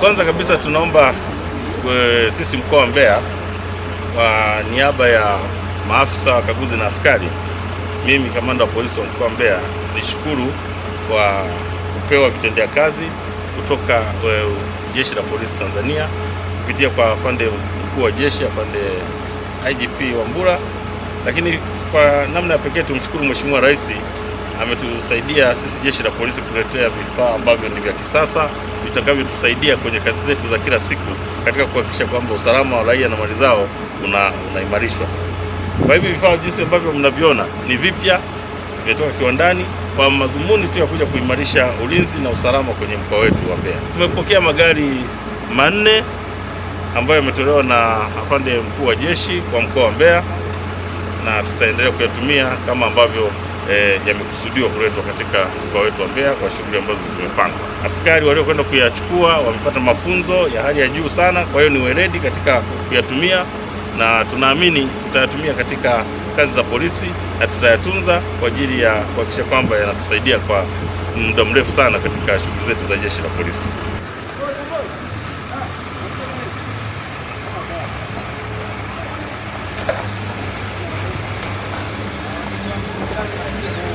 Kwanza kabisa tunaomba kwe, eh, sisi mkoa wa Mbeya kwa niaba ya maafisa wakaguzi na askari, mimi kamanda wa polisi wa mkoa wa Mbeya nishukuru kwa kupewa vitendea kazi kutoka we, eh, jeshi la polisi Tanzania kupitia kwa afande mkuu wa jeshi afande IGP Wambura, lakini kwa namna ya pekee tumshukuru Mheshimiwa Rais ametusaidia sisi jeshi la polisi kutuletea vifaa ambavyo ni vya kisasa vitakavyotusaidia kwenye kazi zetu za kila siku katika kuhakikisha kwamba usalama wa raia na mali zao unaimarishwa. Una kwa hivi vifaa jinsi ambavyo mnaviona ni vipya, vimetoka kiwandani kwa madhumuni tu ya kuja kuimarisha ulinzi na usalama kwenye mkoa wetu wa Mbeya. Tumepokea magari manne ambayo yametolewa na afande mkuu wa jeshi kwa mkoa wa Mbeya na tutaendelea kuyatumia kama ambavyo e, yamekusudiwa kuletwa katika mkoa wetu wa Mbeya kwa shughuli ambazo zimepangwa. Askari waliokwenda kuyachukua wamepata mafunzo ya hali ya juu sana, kwa hiyo ni weledi katika kuyatumia na tunaamini tutayatumia katika kazi za polisi na tutayatunza kwa ajili ya kuhakikisha kwamba yanatusaidia kwa muda mrefu sana katika shughuli zetu za jeshi la polisi. Thank you.